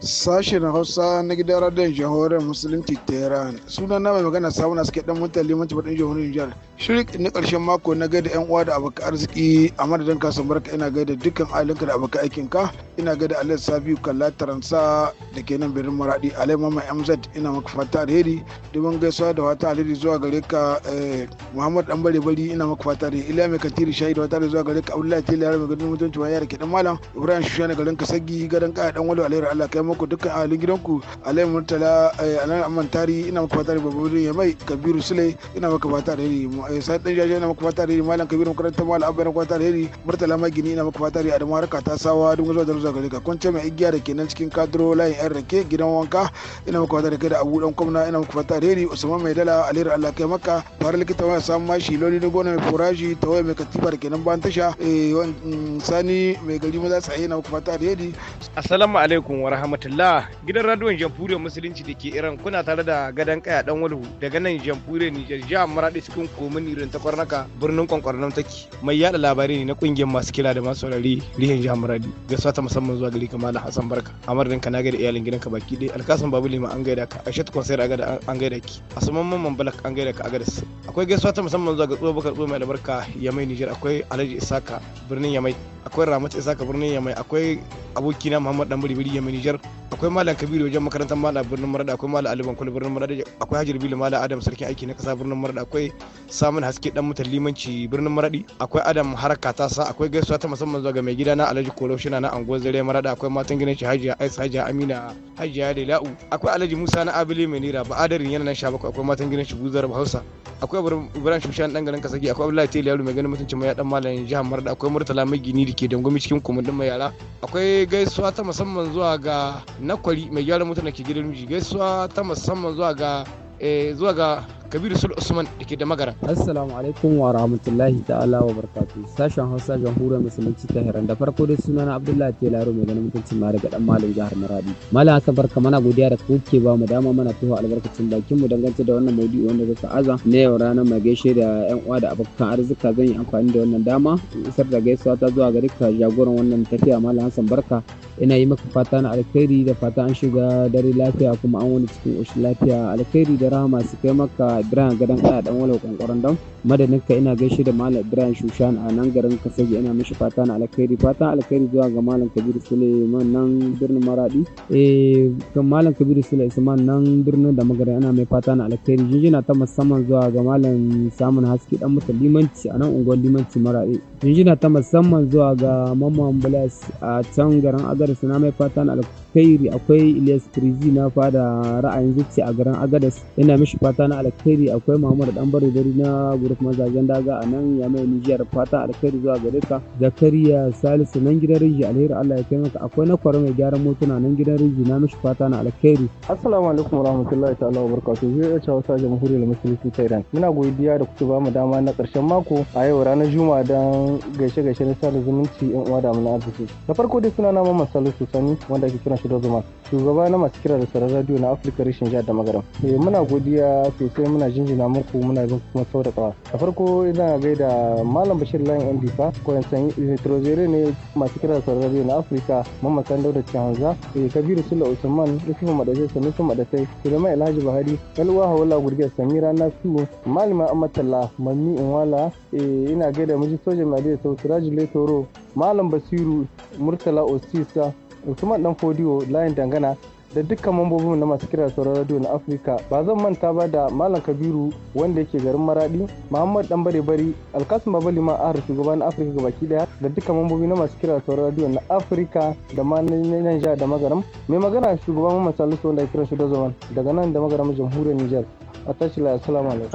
sashen hausa na gidan radiyon jihohoren musulunci tehran suna na mai magana samuna suke dan mutan limanci baɗin jihohoren jihar shirik na ƙarshen mako na gaida yan uwa da abokan arziki a madadin kasan barka ina gaida dukkan ahalinka da abokan aikinka ina gaida alayyar sabiu kalla taransa da ke nan birnin maradi alayyar mama mz ina maka fata alheri domin gaisuwa da wata alheri zuwa gare ka eh, muhammad dan bare bari ina maka fata alheri ila mai katiri shahi da wata alheri zuwa gare ka abdullahi tela yara mai gudun mutunci wani yara ke dan malam ibrahim shushana garin kasagi gadon kaya dan walo alheri allah kai muku dukkan ahalin gidanku alai murtala eh, alai amman tari ina muku fata da babu wurin ya mai kabiru sule ina muku fata da yari eh, sai dan jaje ina muku fata da yari malam kabiru makarantar malam abba ina fata da yari murtala gini ina muku fata da yari adamu harka ta sawa dun zuwa da zuwa gare ka ce mai igiya da kenan cikin kadro layin yan rake gidan wanka ina muku fata da kai da abu dan kwamna ina muku fata da yari usman mai dala alheri allah kai maka fara likita wani samun mashi loli na gona mai ta tawaye mai katifa da kenan ban tasha eh, mm, sani mai gari maza tsaye ina muku fata da yari assalamu alaikum wa rahmatullahi rahmatullah gidan radiyon jamhuriyar musulunci da ke iran kuna tare da gadan kaya dan walhu daga nan jamhuriyar nijar jihar maradi cikin komin irin ta kwarnaka birnin kwankwarnan take mai yada labarai ne na kungiyar masu kira da masu saurari rihin jihar maradi ga sata musamman zuwa gari kamar hassan barka a madadin kana na gaida iyalin gidanka baki ɗaya alkasan babu lima an gaida ka aisha tukwan sayar da an gaida ki saman mamman balak an gaida ka a gadas akwai gaisuwa ta musamman zuwa ga tsohon bakar tsohon mai albarka yamai nijar akwai alhaji isaka birnin yamai akwai ramat isaka birnin yamai akwai abokina muhammad dan biribiri yamai nijar akwai malam kabiru wajen makarantar malam birnin marada akwai malam aliban kwale birnin marada akwai hajar bilu malam adam sarkin aiki na kasa birnin marada akwai samun haske dan mutan limanci birnin maradi akwai adam haraka ta sa akwai gaisuwa ta musamman zuwa ga mai gida na alhaji koro shina na anguwar zare marada akwai matan gina shi hajiya aisa hajiya amina hajiya la'u akwai alhaji musa na abili mai nira ba adarin yana nan shabaku akwai matan gina shi buzar hausa akwai ibrahim shushan dan garin kasagi akwai abdullahi tele yaro mai ganin mutuncin mai dan malam jihar marada akwai murtala mai gini ke dangwami cikin kumundin mai yara akwai gaisuwa ta musamman zuwa ga na kwari mai gyara mutane ke gidan miji gaisuwa ta musamman zuwa ga Eh, zuwa ga kabiru sul usman da ke da magara assalamu alaikum wa rahmatullahi ta'ala wa barkatu sashen hausa jamhuriyar musulunci ta hiran da farko dai suna na abdullahi laro mai ganin mutuncin mara ga dan malam jihar maradi malam hasan barka mana godiya da kuke ba mu dama mana tuhu albarkacin bakin mu dangance da wannan maudu'i wanda zaka aza na yau ranar mai gaishe da yan uwa da abokan arzika zan yi amfani da wannan dama isar da gaisuwa ta zuwa ga dukkan jagoran wannan tafiya malam hasan barka ina yi maka fata na alkhairi da fata an shiga dare lafiya kuma an wani cikin ƙoshin lafiya alkhairi da mai masu kai maka Ibrahim gadon kana dan wala kwankwaron dam madadin ka ina gaishe da malam ibrahim shushan a nan garin Kasage ina mishi fata na alkhairi fata alkhairi zuwa ga malam kabir suleiman nan birnin maradi eh kan malam kabir suleiman nan birnin da magana ina mai fata na alkhairi jinjina ta musamman zuwa ga malam samun haske dan mutan limanci a nan unguwar limanci maradi jinjina ta musamman zuwa ga mamman blas a can garin agadas na mai fata na alkhairi akwai ilyas kirji na fada ra'ayin zuciya a garin agadas ina mishi fata na alkhairi akwai Muhammad dan bari na kuma mazajen daga a nan ya mai Nijar fata alkhairi zuwa gare ka Zakariya Salisu nan gidan Riji alheri Allah ya taimaka akwai na kwaro mai gyaran motuna nan gidan Riji na mishi fata na alkhairi Assalamu alaikum warahmatullahi ta'ala wabarakatuh zai iya cewa sa jamhuriyar musulunci ta Iran muna godiya da kuke bamu mu dama na karshen mako a yau ranar Juma'a dan gaishe gaishe na sada zumunci yan uwa da na arziki na farko dai suna na Mamman Salisu Sani wanda ake kiran shi da zuma shugaba na masu kira da sauran radio na Afirka Rishin Jihar da Magaram eh, muna godiya sosai muna jinjina muku muna bin kuma sau da kawa a farko ina gaida malam bashir layin yan difa yan san trozere ne masu kira sarari na afirka mamman san dauda cihanza e eh, kabiru sula usman yusufu madadai sanusu madadai sulaiman alhaji bahari yalwa hawala gurgiyar samira su malima amatalla mami inwala eh, ina gaida miji sojan madiya sau sirajile toro malam basiru murtala osisa usman dan fodiyo layin dangana da dukkan mambobin na masu kira sauran radio na afirka ba zan manta ba da malam kabiru wanda yake garin maradi muhammad dan bare bari alkasim babali ma ahar shugaban afirka gabaki daya da dukkan mambobi na masu kira sauran radio na afirka da ma na da magaram mai magana shugaban mu salisu wanda ya kira shi da zaman daga nan da magaram jamhuriyar nijar a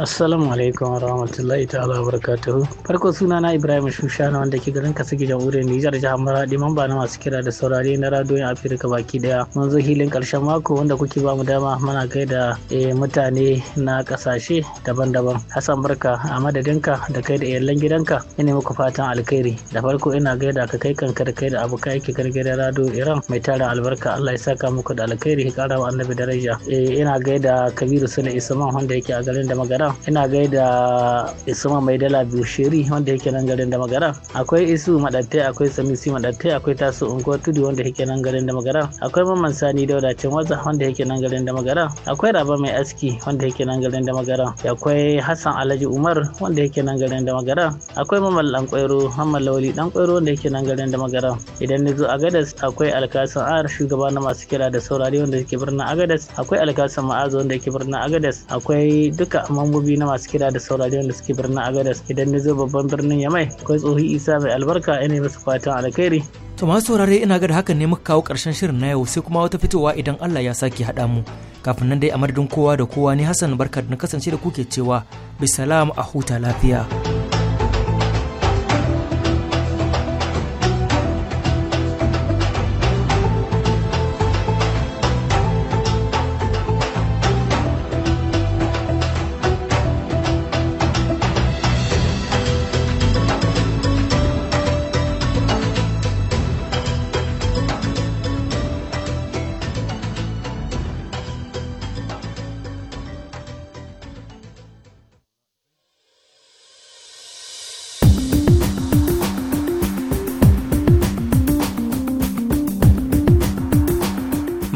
assalamu alaikum wa rahmatullahi ta'ala wa barakatuhu farko suna na ibrahim shushana wanda ke garin kasu gidan wurin nijar jihar maradi mamba na masu kira da saurari na radiyon afirka baki daya mun zo hilin karshen mako wanda kuke ba mu dama mana gaida eh, mutane na kasashe daban-daban hassan barka a madadinka da kai da iyalan gidanka ina muku fatan alkhairi da farko ina gaida ka kai kanka kai da abokan aiki rado iran mai tarin albarka allah ya saka muku da alkhairi ya kara wa annabi daraja eh, ina gaida kabiru isa isman wanda yake a garin da magara. ina gaida isuma mai dala bushiri wanda yake nan garin da magara. akwai isu madatte akwai samisi madatte akwai tasu unguwar tudu wanda yake nan garin da magara. akwai mamman sani dauda cin waza wanda yake nan garin da magara. akwai raba mai aski wanda yake nan garin da magara. akwai hassan alhaji umar wanda yake nan garin da magara. akwai mamman dan kwairo mamman lawali dan kwairo wanda yake nan garin da magara. idan na zo agadas akwai alkasan ar shugaba na masu kira da saurari wanda yake birnin agadas akwai alkasan ma'azo wanda yake birnin agadas akwai duka mambobi na masu kira da saurari wanda suke birnin agadas idan na zo babban birnin yamai akwai tsohi isa mai albarka ina masu fatan alkhairi to masu saurari ina gada da hakan ne muka kawo karshen shirin na yau sai kuma wata fitowa idan allah ya sake haɗa mu kafin nan dai a madadin kowa da kowa ne hassan barka na kasance da kuke cewa bisalam a huta lafiya.